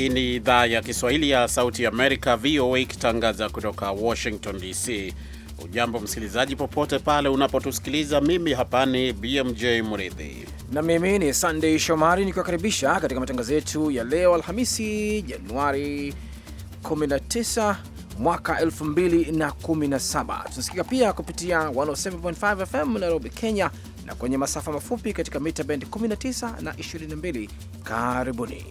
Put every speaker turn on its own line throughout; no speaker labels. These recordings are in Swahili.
Hii ni idhaa ya Kiswahili ya Sauti Amerika, VOA, ikitangaza kutoka Washington DC. Ujambo msikilizaji, popote pale unapotusikiliza. Mimi hapa ni BMJ Mridhi
na mimi ni Sandei Shomari nikiwakaribisha katika matangazo yetu ya leo Alhamisi, Januari 19 mwaka 2017. Tunasikika pia kupitia 107.5 FM Nairobi, Kenya, na kwenye masafa mafupi katika mita bendi 19 na 22. Karibuni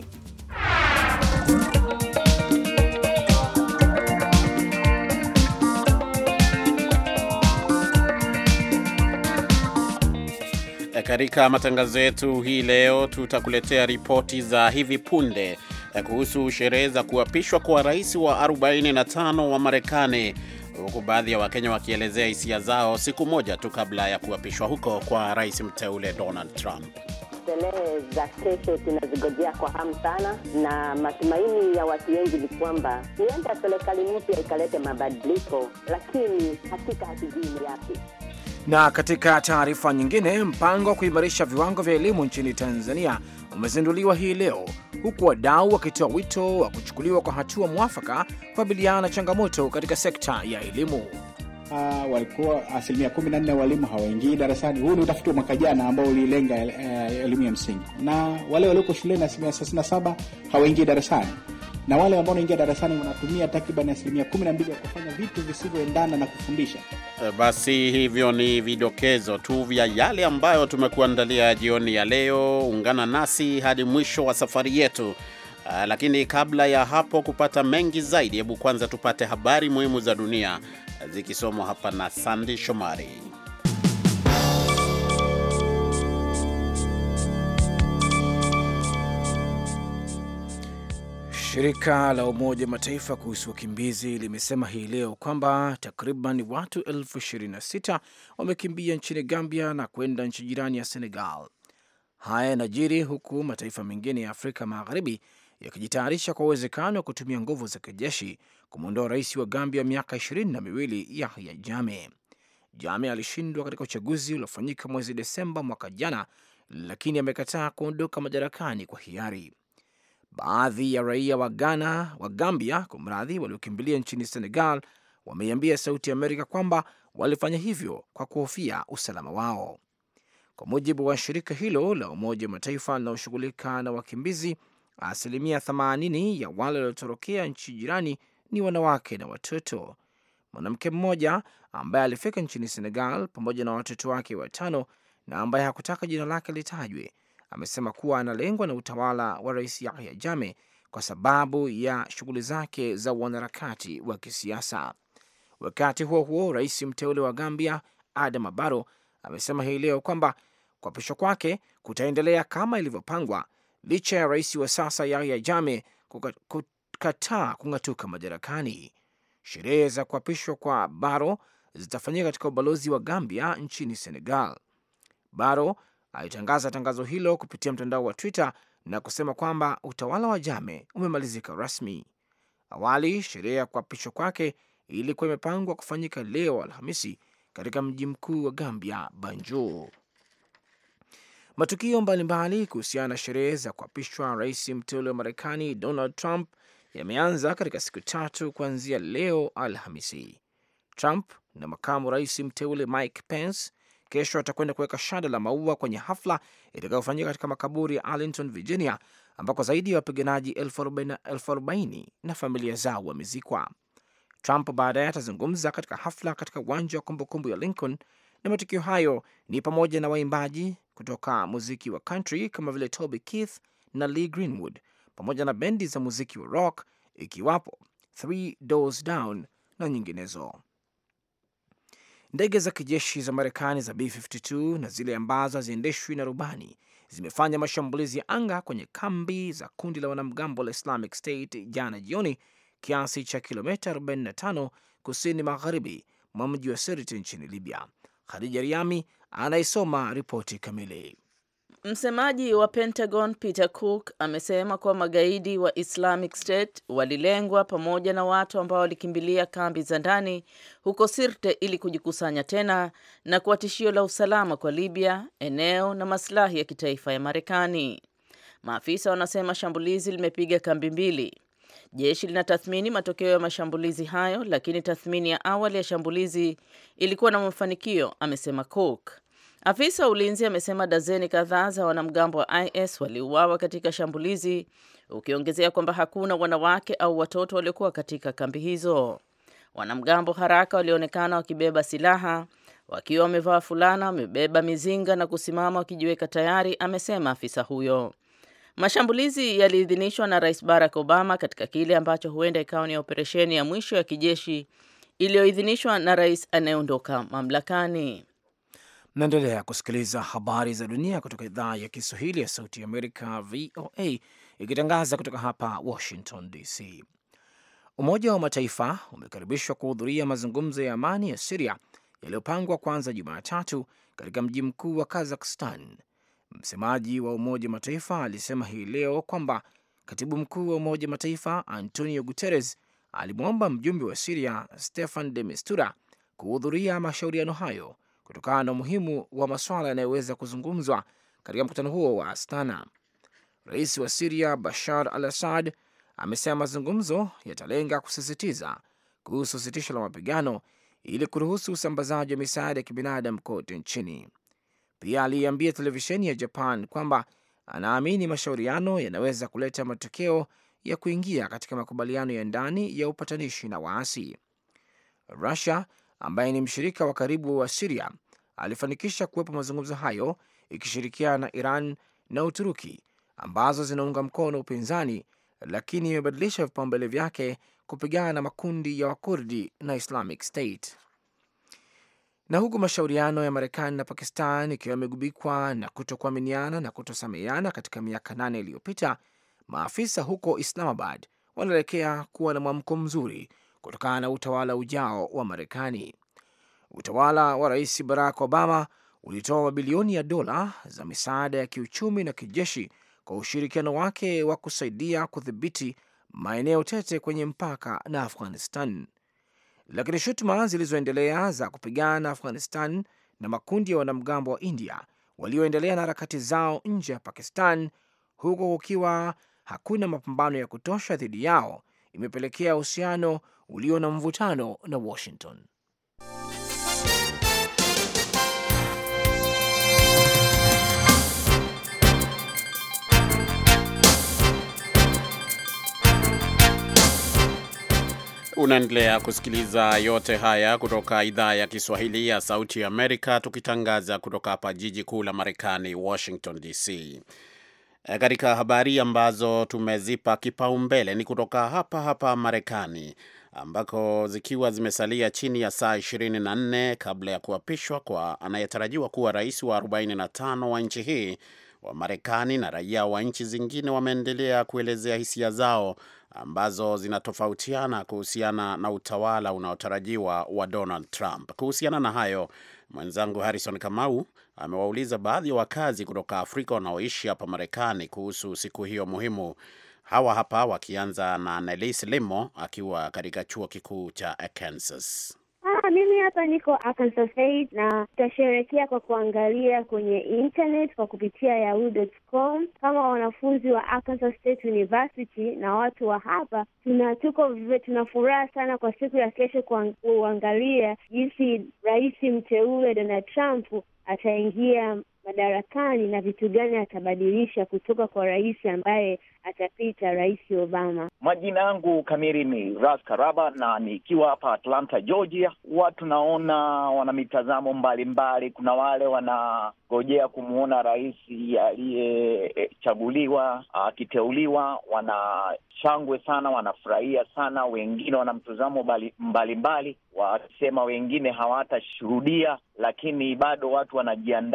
E, katika matangazo yetu hii leo tutakuletea ripoti za hivi punde e, kuhusu sherehe za kuapishwa kwa rais wa 45 wa Marekani, huku baadhi ya Wakenya wakielezea hisia zao siku moja tu kabla ya kuapishwa huko kwa rais mteule Donald Trump.
Sherehe za kesho tunazigojea kwa hamu sana, na matumaini ya watu wengi ni kwamba huenda serikali mpya ikalete mabadiliko, lakini hakika hatujui ni yapi.
Na katika taarifa nyingine, mpango wa kuimarisha viwango vya elimu nchini Tanzania umezinduliwa hii leo, huku wadau wakitoa wito wa kuchukuliwa kwa hatua mwafaka kukabiliana na changamoto katika sekta ya elimu
uh, walikuwa asilimia kumi na nne walimu hawaingii darasani. Huu ni utafiti wa mwaka jana ambao ulilenga eh, elimu uh, ya msingi, na wale walioko shuleni asilimia thelathini na saba hawaingii darasani na wale ambao wanaingia darasani wanatumia takriban asilimia kumi na mbili ya kufanya vitu visivyoendana na kufundisha.
Eh, basi hivyo ni vidokezo tu vya yale ambayo tumekuandalia jioni ya leo. Ungana nasi hadi mwisho wa safari yetu. Ah, lakini kabla ya hapo, kupata mengi zaidi, hebu kwanza tupate habari muhimu za dunia zikisomwa hapa na Sandi Shomari.
Shirika la Umoja wa Mataifa kuhusu wakimbizi limesema hii leo kwamba takriban watu elfu ishirini na sita wamekimbia nchini Gambia na kwenda nchi jirani ya Senegal. Haya yanajiri huku mataifa mengine ya Afrika Magharibi yakijitayarisha kwa uwezekano wa kutumia nguvu za kijeshi kumwondoa rais wa Gambia miaka ishirini na miwili Yahya Jame. Jame alishindwa katika uchaguzi uliofanyika mwezi Desemba mwaka jana, lakini amekataa kuondoka madarakani kwa hiari. Baadhi ya raia wa Ghana wa Gambia, mradhi, waliokimbilia nchini Senegal wameiambia Sauti ya Amerika kwamba walifanya hivyo kwa kuhofia usalama wao. Kwa mujibu wa shirika hilo la Umoja wa Mataifa linaloshughulika na wakimbizi, asilimia 80 ya wale waliotorokea nchi jirani ni wanawake na watoto. Mwanamke mmoja ambaye alifika nchini Senegal pamoja na watoto wake watano na ambaye hakutaka jina lake litajwe amesema kuwa analengwa na utawala wa Rais Yahya jame kwa sababu ya shughuli zake za uanaharakati wa kisiasa. Wakati huo huo, rais mteule wa Gambia Adama abaro amesema hii leo kwamba kuapishwa kwake kutaendelea kama ilivyopangwa licha ya rais wa sasa Yahya Jame kukataa kung'atuka madarakani. Sherehe za kuapishwa kwa Baro zitafanyika katika ubalozi wa Gambia nchini Senegal. Baro alitangaza tangazo hilo kupitia mtandao wa Twitter na kusema kwamba utawala wa Jame umemalizika rasmi. Awali sherehe ya kuapishwa kwake ilikuwa imepangwa kufanyika leo Alhamisi katika mji mkuu wa Gambia, Banjul. Matukio mbalimbali kuhusiana na sherehe za kuapishwa rais mteule wa Marekani Donald Trump yameanza katika siku tatu kuanzia leo Alhamisi. Trump na makamu rais mteule Mike Pence kesho atakwenda kuweka shada la maua kwenye hafla itakayofanyika katika makaburi ya Arlington, Virginia, ambako zaidi ya wapiganaji elfu arobaini na familia zao wamezikwa. Trump baadaye atazungumza katika hafla katika uwanja wa kumbukumbu ya Lincoln, na matukio hayo ni pamoja na waimbaji kutoka muziki wa country kama vile Toby Keith na Lee Greenwood pamoja na bendi za muziki wa rock ikiwapo Three Doors Down na nyinginezo. Ndege za kijeshi za Marekani za B52 na zile ambazo haziendeshwi na rubani zimefanya mashambulizi ya anga kwenye kambi za kundi la wanamgambo la Islamic State jana jioni, kiasi cha kilomita 45 kusini magharibi mwa mji wa Sirte nchini Libya. Khadija Riami anaisoma ripoti kamili.
Msemaji wa Pentagon Peter Cook amesema kuwa magaidi wa Islamic State walilengwa pamoja na watu ambao walikimbilia kambi za ndani huko Sirte ili kujikusanya tena na kuwa tishio la usalama kwa Libya, eneo na maslahi ya kitaifa ya Marekani. Maafisa wanasema shambulizi limepiga kambi mbili. Jeshi linatathmini matokeo ya mashambulizi hayo, lakini tathmini ya awali ya shambulizi ilikuwa na mafanikio, amesema Cook. Afisa wa ulinzi amesema dazeni kadhaa za wanamgambo wa IS waliuawa katika shambulizi, ukiongezea kwamba hakuna wanawake au watoto waliokuwa katika kambi hizo. Wanamgambo haraka walionekana wakibeba silaha wakiwa wamevaa fulana, wamebeba mizinga na kusimama wakijiweka tayari, amesema afisa huyo. Mashambulizi yaliidhinishwa na Rais Barack Obama katika kile ambacho huenda ikawa ni operesheni ya mwisho ya kijeshi iliyoidhinishwa na rais anayeondoka
mamlakani naendelea kusikiliza habari za dunia kutoka idhaa ya Kiswahili ya Sauti ya Amerika, VOA, ikitangaza kutoka hapa Washington DC. Umoja wa Mataifa umekaribishwa kuhudhuria mazungumzo ya amani ya Siria yaliyopangwa kwanza Jumatatu katika mji mkuu wa Kazakhstan. Msemaji wa Umoja wa Mataifa alisema hii leo kwamba katibu mkuu wa Umoja wa Mataifa Antonio Guterres alimwomba mjumbe wa Siria Stefan de Mistura kuhudhuria mashauriano hayo kutokana na umuhimu wa masuala yanayoweza kuzungumzwa katika mkutano huo wa Astana. Rais wa Siria Bashar al Assad amesema mazungumzo yatalenga kusisitiza kuhusu sitisho la mapigano ili kuruhusu usambazaji wa misaada ya kibinadamu kote nchini. Pia aliiambia televisheni ya Japan kwamba anaamini mashauriano yanaweza kuleta matokeo ya kuingia katika makubaliano ya ndani ya upatanishi na waasi. Rusia ambaye ni mshirika wa karibu wa Siria alifanikisha kuwepo mazungumzo hayo ikishirikiana na Iran na Uturuki ambazo zinaunga mkono upinzani, lakini imebadilisha vipaumbele vyake kupigana na makundi ya Wakurdi na Islamic State. Na huku mashauriano ya Marekani na Pakistan ikiwa yamegubikwa na kutokuaminiana na kutosameheana katika miaka nane iliyopita, maafisa huko Islamabad wanaelekea kuwa na mwamko mzuri kutokana na utawala ujao wa Marekani. Utawala wa Rais Barack Obama ulitoa mabilioni ya dola za misaada ya kiuchumi na kijeshi kwa ushirikiano wake wa kusaidia kudhibiti maeneo tete kwenye mpaka na Afghanistan, lakini shutuma zilizoendelea za kupigana na Afghanistan na makundi ya wanamgambo wa India walioendelea na harakati zao nje ya Pakistan, huko kukiwa hakuna mapambano ya kutosha dhidi yao, imepelekea uhusiano ulio na mvutano na Washington.
Unaendelea kusikiliza yote haya kutoka idhaa ya Kiswahili ya Sauti ya Amerika, tukitangaza kutoka hapa jiji kuu la Marekani, Washington DC. E, katika habari ambazo tumezipa kipaumbele ni kutoka hapa hapa Marekani, ambako zikiwa zimesalia chini ya saa 24 kabla ya kuapishwa kwa anayetarajiwa kuwa rais wa 45 wa nchi hii, wa marekani na raia wa nchi zingine wameendelea kuelezea hisia zao ambazo zinatofautiana kuhusiana na utawala unaotarajiwa wa Donald Trump. Kuhusiana na hayo, mwenzangu Harrison Kamau amewauliza baadhi ya wakazi kutoka Afrika wanaoishi hapa Marekani kuhusu siku hiyo muhimu Hawa hapa wakianza na Nelis Limo akiwa katika chuo kikuu cha Kansas.
Ah, mimi hapa niko Arkansas State na tutasherehekea kwa kuangalia kwenye internet kwa kupitia yahoo.com kama wanafunzi wa Arkansas State University na watu wa hapa tuna tuko tuna furaha sana kwa siku ya kesho kuangalia jinsi rais mteule Donald Trump ataingia madarakani na vitu gani atabadilisha kutoka kwa rais ambaye atapita Rais Obama.
Majina yangu kamili ni Ras Karaba na nikiwa hapa Atlanta, Georgia. Watu naona wana mitazamo mbalimbali. Kuna wale wanagojea kumwona rais aliyechaguliwa akiteuliwa, wana shangwe sana, wanafurahia sana. Wengine wana mtazamo mbalimbali, wakisema wengine hawatashuhudia, lakini bado watu wanajiandaa.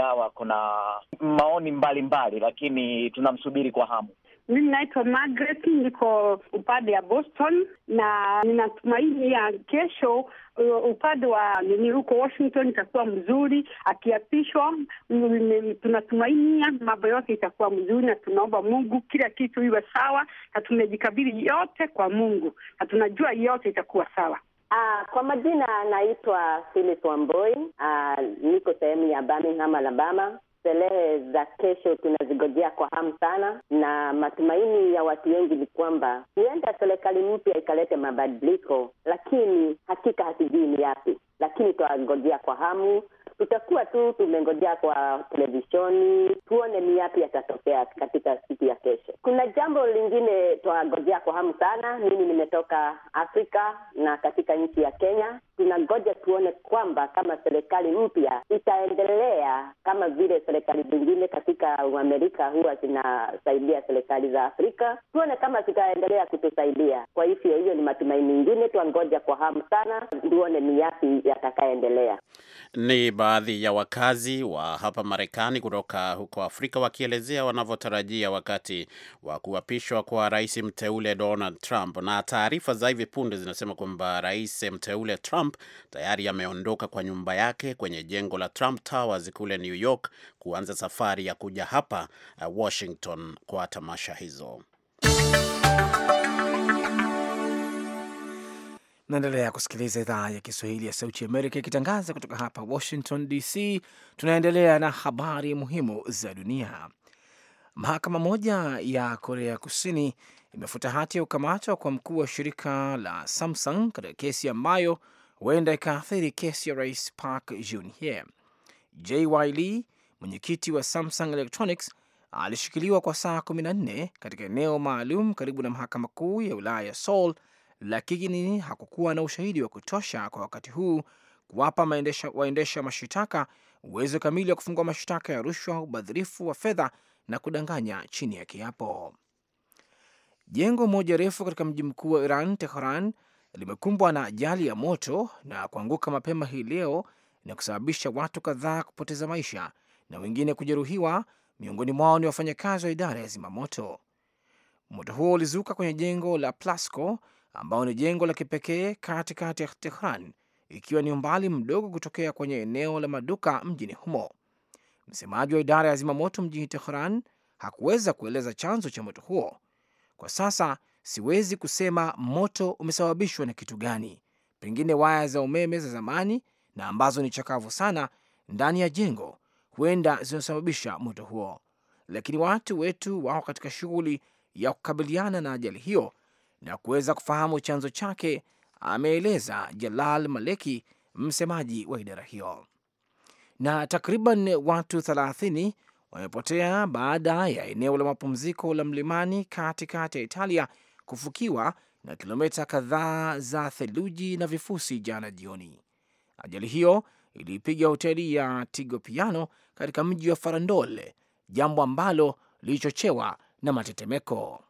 na maoni mbalimbali mbali, lakini tunamsubiri kwa hamu.
Mimi naitwa Margaret, niko upande wa Boston na ninatumaini ya kesho uh, upande wa nini huko Washington itakuwa mzuri akiapishwa. Tunatumainia mambo yote itakuwa mzuri, na tunaomba Mungu kila kitu iwe sawa, na tumejikabili yote kwa Mungu na tunajua yote itakuwa sawa. Uh, kwa majina naitwa Philip Wamboi. Uh, niko sehemu ya Birmingham, Alabama. Sherehe za kesho tunazigojea kwa hamu sana, na matumaini ya watu wengi ni kwamba huenda serikali mpya ikalete mabadiliko, lakini hakika hatujui ni yapi, lakini tunangojea kwa hamu. Tutakuwa tu tumengojea kwa televishoni tuone ni yapi yatatokea katika siku ya kesho. Kuna jambo lingine twagojea kwa hamu sana. Mimi nimetoka Afrika na katika nchi ya Kenya tunangoja tuone kwamba kama serikali mpya itaendelea kama vile serikali zingine katika Amerika huwa zinasaidia serikali za Afrika, tuone kama zitaendelea kutusaidia. Kwa hivyo hiyo ni matumaini mengine, twangoja kwa hamu sana, tuone ni yapi yatakayoendelea.
Ni baadhi ya wakazi wa hapa Marekani kutoka huko Afrika wakielezea wanavyotarajia wakati wa kuapishwa kwa rais mteule Donald Trump, na taarifa za hivi punde zinasema kwamba rais mteule Trump Trump tayari ameondoka kwa nyumba yake kwenye jengo la Trump Towers kule New York kuanza safari ya kuja hapa uh,
Washington kwa tamasha hizo. Naendelea kusikiliza idhaa ya Kiswahili ya Sauti ya Amerika ikitangaza kutoka hapa Washington DC. Tunaendelea na habari muhimu za dunia. Mahakama moja ya Korea Kusini imefuta hati ya kukamatwa kwa mkuu wa shirika la Samsung katika kesi ambayo huenda ikaathiri kesi ya rais Park Geun-hye. JY Lee, mwenyekiti wa Samsung Electronics, alishikiliwa kwa saa 14 katika eneo maalum karibu na mahakama kuu ya wilaya ya Seoul, lakini hakukuwa na ushahidi wa kutosha kwa wakati huu kuwapa waendesha mashitaka uwezo kamili wa kufungua mashtaka ya rushwa, ubadhirifu wa fedha na kudanganya chini ya kiapo. Jengo moja refu katika mji mkuu wa Iran, Tehran, limekumbwa na ajali ya moto na kuanguka mapema hii leo na kusababisha watu kadhaa kupoteza maisha na wengine kujeruhiwa. Miongoni mwao ni wafanyakazi wa idara ya zimamoto. Moto huo ulizuka kwenye jengo la Plasco ambao ni jengo la kipekee katikati ya Tehran, ikiwa ni umbali mdogo kutokea kwenye eneo la maduka mjini humo. Msemaji wa idara ya zimamoto mjini Tehran hakuweza kueleza chanzo cha moto huo. Kwa sasa siwezi kusema moto umesababishwa na kitu gani, pengine waya za umeme za zamani na ambazo ni chakavu sana ndani ya jengo huenda zinasababisha moto huo, lakini watu wetu wako katika shughuli ya kukabiliana na ajali hiyo na kuweza kufahamu chanzo chake, ameeleza Jalal Maleki, msemaji wa idara hiyo. Na takriban watu 30 wamepotea baada ya eneo la mapumziko la mlimani katikati ya Italia kufukiwa na kilomita kadhaa za theluji na vifusi jana jioni. Ajali hiyo iliipiga hoteli ya tigo piano katika mji wa Farandol, jambo ambalo lilichochewa na matetemeko.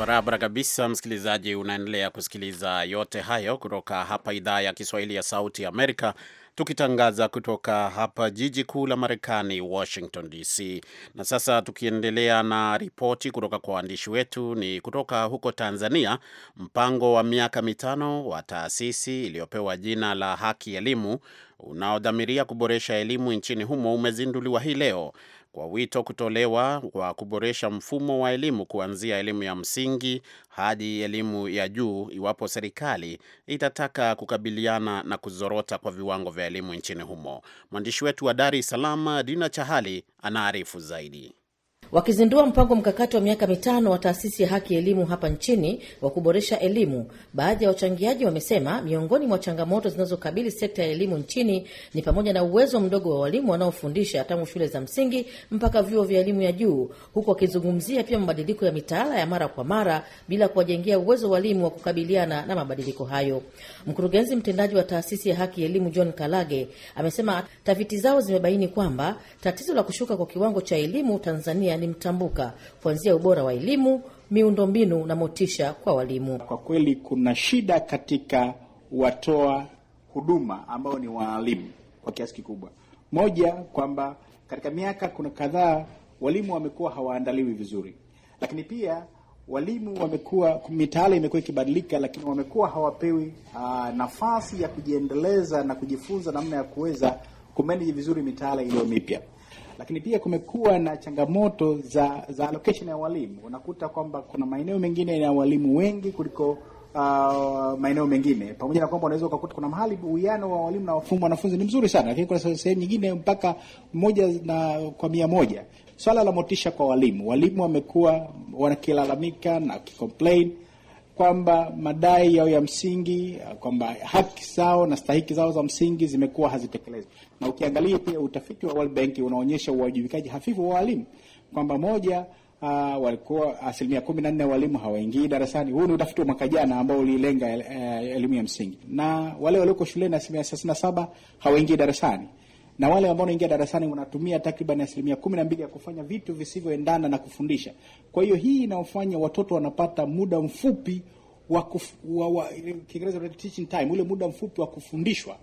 Barabara kabisa, msikilizaji, unaendelea kusikiliza yote hayo kutoka hapa idhaa ya Kiswahili ya Sauti Amerika, tukitangaza kutoka hapa jiji kuu la Marekani, Washington DC. Na sasa tukiendelea na ripoti kutoka kwa waandishi wetu, ni kutoka huko Tanzania. Mpango wa miaka mitano wa taasisi iliyopewa jina la Haki Elimu unaodhamiria kuboresha elimu nchini humo umezinduliwa hii leo kwa wito kutolewa wa kuboresha mfumo wa elimu kuanzia elimu ya msingi hadi elimu ya juu iwapo serikali itataka kukabiliana na kuzorota kwa viwango vya elimu nchini humo. Mwandishi wetu wa Dar es Salaam, Dina Chahali, anaarifu zaidi.
Wakizindua mpango mkakati wa miaka mitano wa taasisi ya haki elimu hapa nchini wa kuboresha elimu, baadhi ya wachangiaji wamesema miongoni mwa changamoto zinazokabili sekta ya elimu nchini ni pamoja na uwezo mdogo wa walimu wanaofundisha tangu shule za msingi mpaka vyuo vya elimu ya juu, huku wakizungumzia pia mabadiliko ya mitaala ya mara kwa mara bila kuwajengea uwezo walimu wa kukabiliana na mabadiliko hayo. Mkurugenzi mtendaji wa taasisi ya haki elimu John Kalage amesema tafiti zao zimebaini kwamba tatizo la kushuka kwa kiwango cha elimu Tanzania alimtambuka kuanzia ubora wa elimu,
miundombinu na motisha kwa walimu. Kwa kweli kuna shida katika watoa huduma ambao ni waalimu kwa kiasi kikubwa. Moja, kwamba katika miaka kuna kadhaa walimu wamekuwa hawaandaliwi vizuri, lakini pia walimu wamekuwa, mitaala imekuwa ikibadilika, lakini wamekuwa hawapewi ah, nafasi ya kujiendeleza na kujifunza namna ya kuweza kumanage vizuri mitaala iliyo mipya lakini pia kumekuwa na changamoto za, za allocation ya walimu. Unakuta kwamba kuna maeneo mengine yana walimu wengi kuliko Uh, maeneo mengine pamoja na kwamba unaweza ukakuta kuna mahali uwiano wa walimu na wafumu wanafunzi ni mzuri sana, lakini kuna sehemu nyingine mpaka moja na kwa mia moja. Swala la motisha kwa walimu, walimu wamekuwa wanakilalamika na kicomplain kwamba madai yao ya msingi kwamba haki zao na stahiki zao za msingi zimekuwa hazitekelezwi. Na ukiangalia pia utafiti wa World Bank unaonyesha uwajibikaji hafifu wa walimu kwamba moja, uh, walikuwa asilimia kumi na nne walimu hawaingii darasani. Huu ni utafiti wa mwaka jana ambao ulilenga eh, elimu ya msingi, na wale walioko shuleni asilimia thelathini na saba hawaingii darasani na wale ambao wanaingia darasani wanatumia takriban asilimia kumi na mbili ya kufanya vitu visivyoendana na kufundisha. Kwa hiyo hii inaofanya watoto wanapata muda mfupi wa Kiingereza teaching time, ule muda mfupi wa kufundishwa.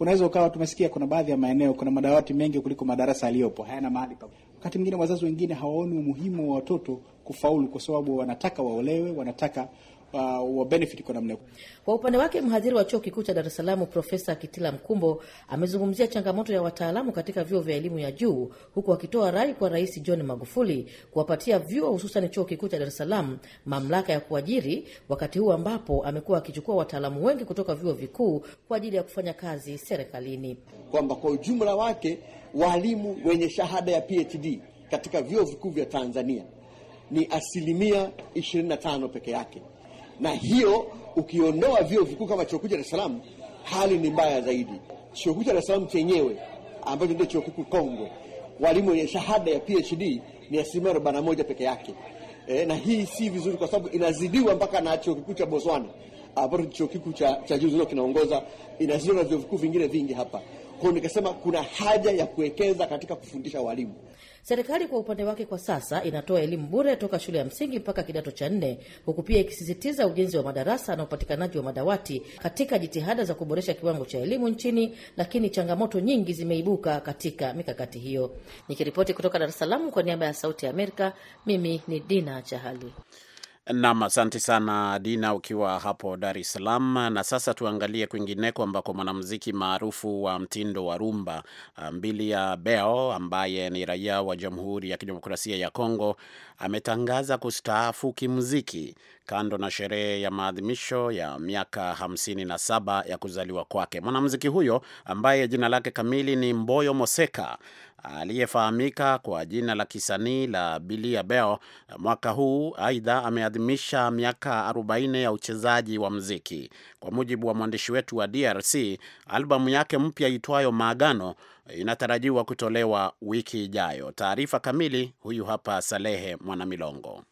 Unaweza ukawa, tumesikia kuna baadhi ya maeneo kuna madawati mengi kuliko madarasa yaliyopo, hayana mahali pa. Wakati mwingine wazazi wengine hawaoni umuhimu wa watoto kufaulu, kwa sababu wanataka waolewe, wanataka uh, wa benefit kwa namna. Kwa upande wake mhadhiri wa chuo kikuu
cha Dar es Salaam Profesa Kitila Mkumbo amezungumzia changamoto ya wataalamu katika vyuo vya elimu ya juu, huku akitoa rai kwa Rais John Magufuli kuwapatia vyuo hususan chuo kikuu cha Dar es Salaam mamlaka ya kuajiri, wakati huu ambapo amekuwa akichukua wataalamu wengi kutoka vyuo vikuu kwa ajili ya kufanya kazi serikalini,
kwamba kwa ujumla wake walimu wenye shahada ya PhD katika vyuo vikuu vya Tanzania ni asilimia 25 peke yake na hiyo ukiondoa vyuo vikuu kama chuo kikuu cha Dar es Salaam, hali ni mbaya zaidi. Chuo kikuu cha Dar es Salaam chenyewe ambacho ndio chuo kikuu kongwe, walimu wenye shahada ya PhD ni asilimia arobaini na moja peke yake. E, na hii si vizuri kwa sababu inazidiwa mpaka na chuo kikuu cha Botswana ambacho chuo kikuu cha, cha juu kinaongoza inazidiwa na vyuo vikuu vingine vingi hapa kwao. nikasema kuna haja ya kuwekeza katika kufundisha walimu.
Serikali kwa upande wake kwa sasa inatoa elimu bure toka shule ya msingi mpaka kidato cha nne, huku pia ikisisitiza ujenzi wa madarasa na upatikanaji wa madawati katika jitihada za kuboresha kiwango cha elimu nchini, lakini changamoto nyingi zimeibuka katika mikakati hiyo. Nikiripoti kutoka Dar es Salaam kwa niaba ya Sauti ya Amerika, mimi ni Dina Chahali.
Nam, asante sana Dina, ukiwa hapo Dar es Salaam. Na sasa tuangalie kwingineko ambako mwanamuziki maarufu wa mtindo wa rumba ya ah, Bel ambaye ni raia wa Jamhuri ya Kidemokrasia ya Kongo ametangaza kustaafu kimuziki, kando na sherehe ya maadhimisho ya miaka 57 ya kuzaliwa kwake. Mwanamuziki huyo ambaye jina lake kamili ni Mboyo Moseka aliyefahamika kwa jina la kisanii la Bilia Bel mwaka huu. Aidha, ameadhimisha miaka 40 ya uchezaji wa mziki. Kwa mujibu wa mwandishi wetu wa DRC, albamu yake mpya itwayo Maagano inatarajiwa kutolewa wiki ijayo. Taarifa kamili huyu hapa Salehe Mwanamilongo.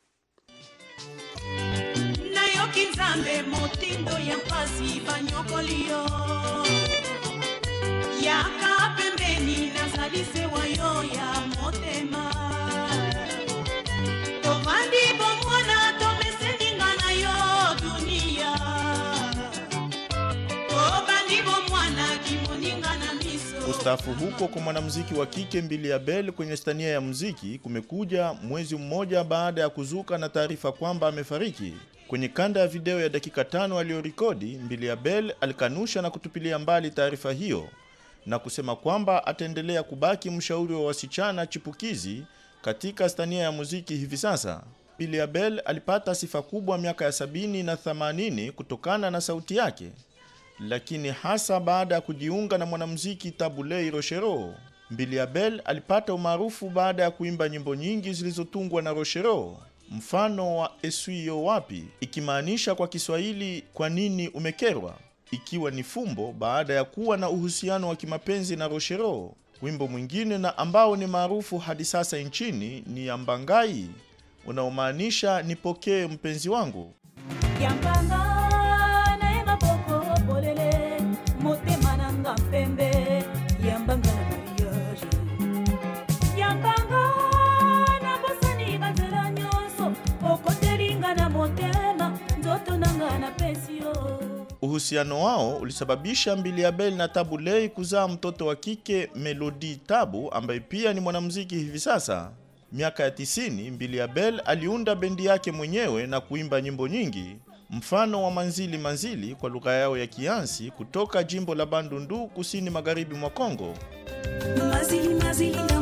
Nayo motindo ya pasi banyokolio kustafu
huko kwa mwanamuziki wa kike Mbili Abel kwenye stania ya muziki kumekuja mwezi mmoja baada ya kuzuka na taarifa kwamba amefariki. Kwenye kanda ya video ya dakika tano aliyorekodi, Mbili Abel alikanusha na kutupilia mbali taarifa hiyo na kusema kwamba ataendelea kubaki mshauri wa wasichana chipukizi katika stania ya muziki hivi sasa. Billy Abel alipata sifa kubwa miaka ya sabini na themanini kutokana na sauti yake, lakini hasa baada ya kujiunga na mwanamuziki Tabulei Rochero. Billy Abel alipata umaarufu baada ya kuimba nyimbo nyingi zilizotungwa na Rochero, mfano wa Esui wapi, ikimaanisha kwa Kiswahili kwa nini umekerwa ikiwa ni fumbo baada ya kuwa na uhusiano wa kimapenzi na Rochero. Wimbo mwingine na ambao ni maarufu hadi sasa nchini ni Yambangai unaomaanisha nipokee mpenzi wangu Yambanga. Uhusiano wao ulisababisha mbili Mbiliabel na Tabu Ley kuzaa mtoto wa kike Melody Tabu ambaye pia ni mwanamuziki hivi sasa. Miaka ya mbili Mbiliabel aliunda bendi yake mwenyewe na kuimba nyimbo nyingi, mfano wa Manzili Manzili kwa lugha yao ya Kiansi kutoka jimbo la Bandundu kusini magharibi mwa Kongo.
Mazili, mazili na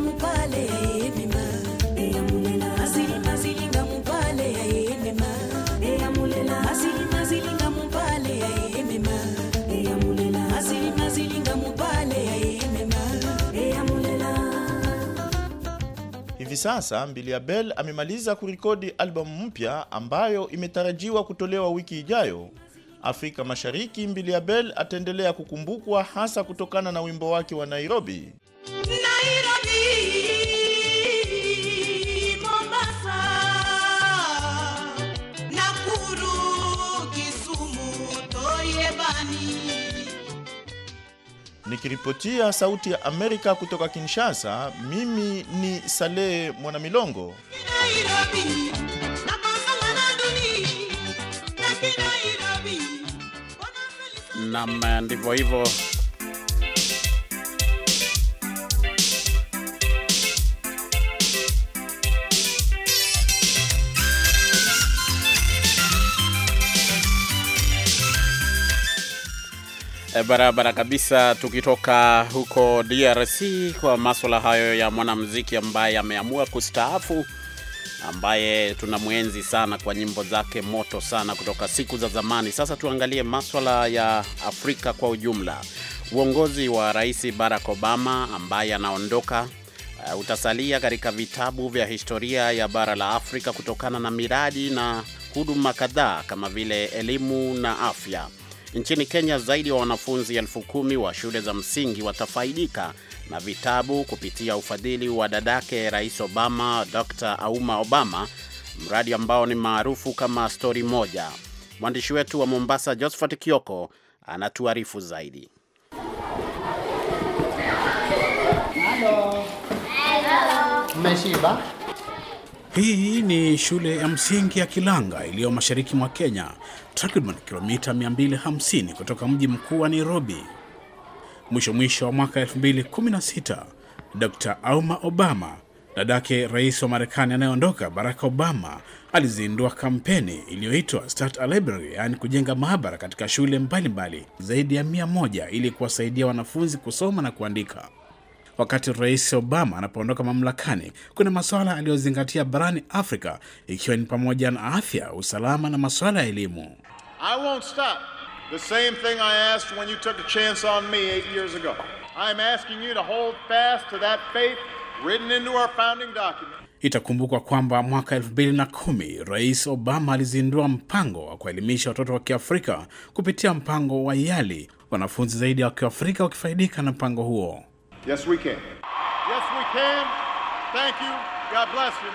sasa Mbili Abel amemaliza kurekodi albamu mpya ambayo imetarajiwa kutolewa wiki ijayo. Afrika Mashariki, Mbili Abel ataendelea kukumbukwa hasa kutokana na wimbo wake wa Nairobi. Nairobi,
Mombasa,
Nakuru, Kisumu, Toyebani.
Nikiripotia Sauti ya Amerika kutoka Kinshasa, mimi ni Saleh Mwanamilongo. Nam, eh,
ndivyo hivyo. Eh, barabara kabisa. Tukitoka huko DRC kwa maswala hayo ya mwanamuziki ambaye ameamua kustaafu, ambaye tunamwenzi sana kwa nyimbo zake moto sana kutoka siku za zamani. Sasa tuangalie maswala ya Afrika kwa ujumla. Uongozi wa Rais Barack Obama ambaye anaondoka uh, utasalia katika vitabu vya historia ya bara la Afrika kutokana na miradi na huduma kadhaa kama vile elimu na afya. Nchini Kenya, zaidi ya wanafunzi elfu kumi wa shule za msingi watafaidika na vitabu kupitia ufadhili wa dadake Rais Obama, Dr Auma Obama, mradi ambao ni maarufu kama Stori Moja. Mwandishi wetu wa Mombasa, Josephat Kioko, anatuarifu
zaidi.
Hello. Hello.
Hii ni shule ya msingi ya Kilanga iliyo mashariki mwa Kenya, takriban kilomita 250 kutoka mji mkuu wa Nairobi. Mwisho mwisho wa mwaka 2016, Dr. Auma Obama, dadake rais wa Marekani anayeondoka Barack Obama, alizindua kampeni iliyoitwa Start a Library, yaani kujenga maabara katika shule mbalimbali mbali, zaidi ya 100 ili kuwasaidia wanafunzi kusoma na kuandika wakati Rais Obama anapoondoka mamlakani, kuna masuala aliyozingatia barani Afrika, ikiwa ni pamoja na afya, usalama na masuala ya elimu. Itakumbukwa kwamba mwaka elfu Rais Obama alizindua mpango wa kuelimisha watoto wa Kiafrika kupitia mpango wa YALI, wanafunzi zaidi ya wa Kiafrika wakifaidika na mpango huo.
Yes, we can.
Yes, we can. Thank you. God bless you.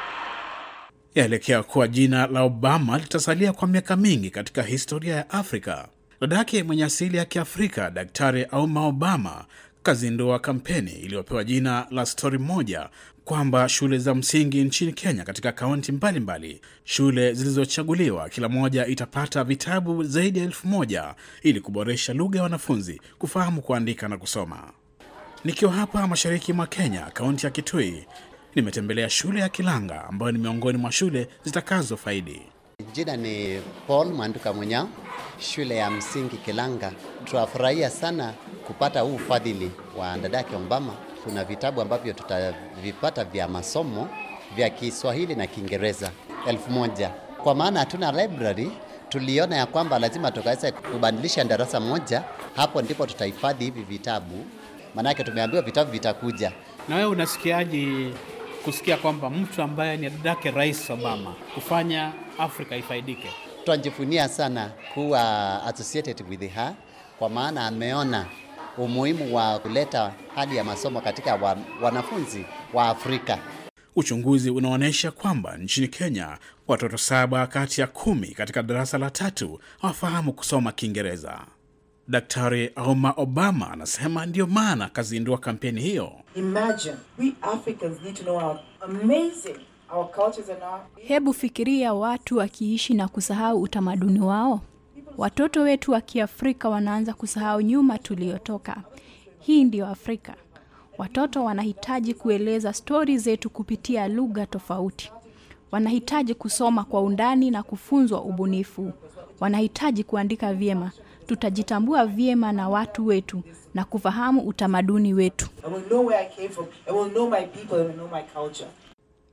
Yaelekea kuwa jina la Obama litasalia kwa miaka mingi katika historia ya Afrika. Dadake mwenye asili ya Kiafrika, Daktari Auma Obama, kazindua kampeni iliyopewa jina la stori moja kwamba shule za msingi nchini Kenya katika kaunti mbalimbali, shule zilizochaguliwa kila moja itapata vitabu zaidi ya elfu moja ili kuboresha lugha ya wanafunzi kufahamu kuandika na kusoma. Nikiwa hapa mashariki mwa Kenya, kaunti ya Kitui,
nimetembelea shule ya Kilanga ambayo ni miongoni mwa shule zitakazofaidi. Jina ni Paul Manduka Munyao, shule ya msingi Kilanga. Tunafurahia sana kupata huu ufadhili wa dadake Ombama. Kuna vitabu ambavyo tutavipata vya masomo vya Kiswahili na Kiingereza elfu moja kwa maana hatuna library. Tuliona ya kwamba lazima tukaweza kubadilisha darasa moja, hapo ndipo tutahifadhi hivi vitabu maanake tumeambiwa vitabu vitakuja.
Na wewe unasikiaje kusikia kwamba mtu ambaye ni dadake Rais Obama kufanya Afrika
ifaidike? Twajivunia sana kuwa associated with her, kwa maana ameona umuhimu wa kuleta hali ya masomo katika wa, wanafunzi wa Afrika. Uchunguzi unaonyesha kwamba nchini Kenya watoto saba kati ya
kumi katika darasa la tatu hawafahamu kusoma Kiingereza. Daktari Auma Obama anasema ndiyo maana akazindua kampeni hiyo.
Hebu fikiria watu wakiishi na kusahau utamaduni wao. Watoto wetu wa Kiafrika wanaanza kusahau nyuma tuliyotoka. Hii ndiyo Afrika. Watoto wanahitaji kueleza stori zetu kupitia lugha tofauti. Wanahitaji kusoma kwa undani na kufunzwa ubunifu. Wanahitaji kuandika vyema tutajitambua vyema na watu wetu na kufahamu utamaduni wetu.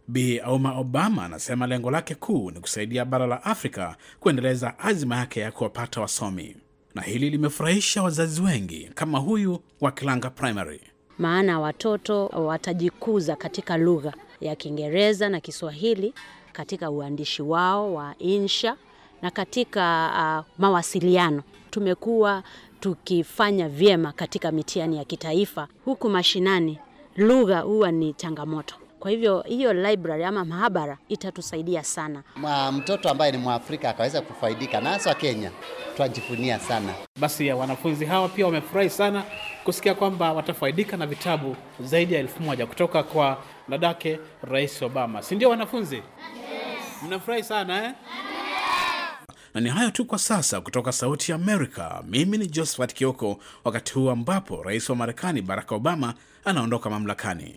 Bi Auma Obama anasema lengo lake kuu ni kusaidia bara la Afrika kuendeleza azima yake ya kuwapata wasomi, na hili limefurahisha wazazi wengi kama huyu wa Kilanga Primary,
maana watoto watajikuza katika lugha ya Kiingereza na Kiswahili katika uandishi wao wa insha na katika uh, mawasiliano tumekuwa tukifanya vyema katika mitihani ya kitaifa. Huku mashinani lugha huwa ni changamoto. Kwa hivyo hiyo library ama maabara itatusaidia sana,
Ma mtoto ambaye ni Mwafrika akaweza kufaidika na haswa Kenya, twajivunia sana. Basi ya wanafunzi hawa pia wamefurahi sana kusikia kwamba watafaidika na vitabu zaidi ya elfu moja kutoka kwa
dadake Rais Obama, si ndio wanafunzi? Yes. Mnafurahi sana eh? na ni hayo tu kwa sasa kutoka Sauti ya Amerika. Mimi ni Josephat Kioko, wakati huu ambapo rais wa Marekani Barack Obama anaondoka mamlakani.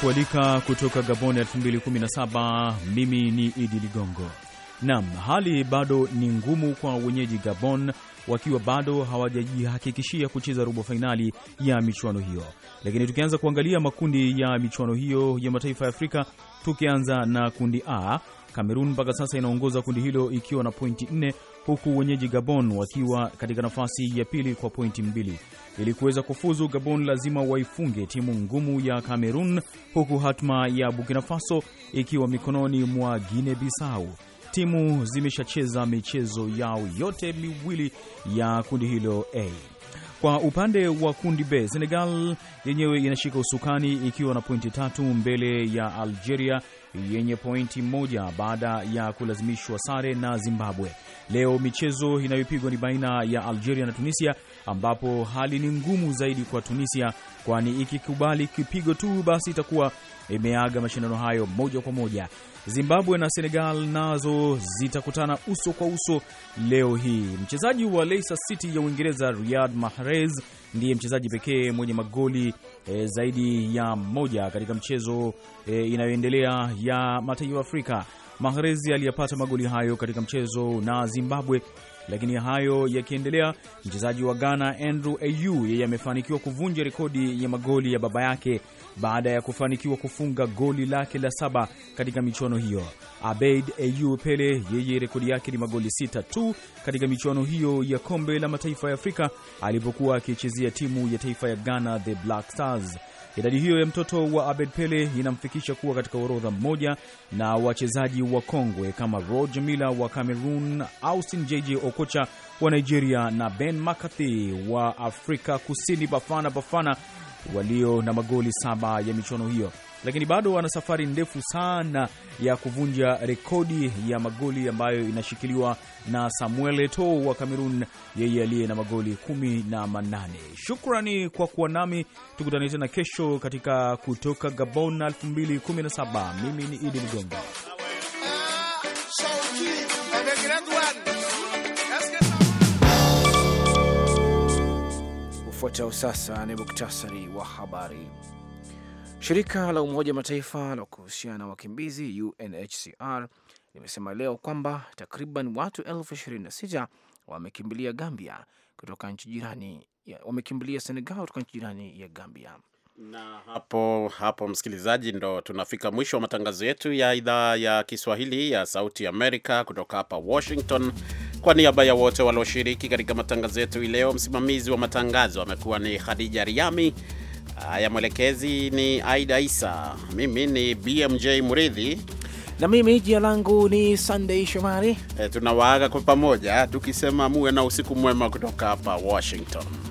kualika kutoka Gabon 2017 mimi ni Idi Ligongo. Naam, hali bado ni ngumu kwa wenyeji Gabon wakiwa bado hawajajihakikishia kucheza robo fainali ya michuano hiyo. Lakini tukianza kuangalia makundi ya michuano hiyo ya mataifa ya Afrika, tukianza na kundi A, Kamerun mpaka sasa inaongoza kundi hilo ikiwa na pointi 4 huku wenyeji Gabon wakiwa katika nafasi ya pili kwa pointi mbili. Ili kuweza kufuzu, Gabon lazima waifunge timu ngumu ya Cameroon, huku hatma ya Burkina Faso ikiwa mikononi mwa Guinea Bissau. Timu zimeshacheza michezo yao yote miwili ya kundi hilo A. Kwa upande wa kundi B, Senegal yenyewe inashika usukani ikiwa na pointi tatu mbele ya Algeria yenye pointi moja baada ya kulazimishwa sare na Zimbabwe. Leo michezo inayopigwa ni baina ya Algeria na Tunisia, ambapo hali ni ngumu zaidi kwa Tunisia, kwani ikikubali kipigo tu basi itakuwa imeaga mashindano hayo moja kwa moja. Zimbabwe na Senegal nazo zitakutana uso kwa uso leo hii. Mchezaji wa Leicester City ya Uingereza Riyad Mahrez ndiye mchezaji pekee mwenye magoli e, zaidi ya moja katika mchezo e, inayoendelea ya mataifa Afrika. Mahrez aliyapata magoli hayo katika mchezo na Zimbabwe lakini hayo yakiendelea, mchezaji wa Ghana Andrew Ayew yeye amefanikiwa kuvunja rekodi ya magoli ya baba yake baada ya kufanikiwa kufunga goli lake la saba katika michuano hiyo. Abeid Ayew Pele yeye rekodi yake ni magoli sita tu katika michuano hiyo ya kombe la mataifa ya Afrika alipokuwa akichezea timu ya taifa ya Ghana, the Black Stars. Idadi hiyo ya mtoto wa Abed Pele inamfikisha kuwa katika orodha mmoja na wachezaji wa kongwe kama Roger Mila wa Cameroon, Austin JJ Okocha wa Nigeria na Ben McCarthy wa Afrika Kusini, Bafana Bafana walio na magoli saba ya michuano hiyo lakini bado wana safari ndefu sana ya kuvunja rekodi ya magoli ambayo inashikiliwa na Samuel Eto'o wa cameron yeye aliye na magoli kumi na manane. Shukrani kwa kuwa nami, tukutane tena kesho katika Kutoka Gabon 2017. Mimi ni Idi Ligongo.
Ufuatao sasa ni muktasari wa habari. Shirika la Umoja Mataifa la kuhusiana na wakimbizi UNHCR limesema leo kwamba takriban watu elfu ishirini wamekimbilia Gambia kutoka nchi jirani, wamekimbilia Senegal kutoka nchi jirani ya Gambia. Na hapo hapo,
msikilizaji, ndo tunafika mwisho wa matangazo yetu ya idhaa ya Kiswahili ya Sauti Amerika kutoka hapa Washington. Kwa niaba ya wote walioshiriki katika matangazo yetu hii leo, msimamizi wa matangazo amekuwa ni Khadija Riami. Haya, mwelekezi ni Aida Isa, mimi ni BMJ Muridhi
na mimi jina langu ni Sunday Shomari.
E, tunawaaga kwa pamoja tukisema muwe na usiku mwema kutoka hapa Washington.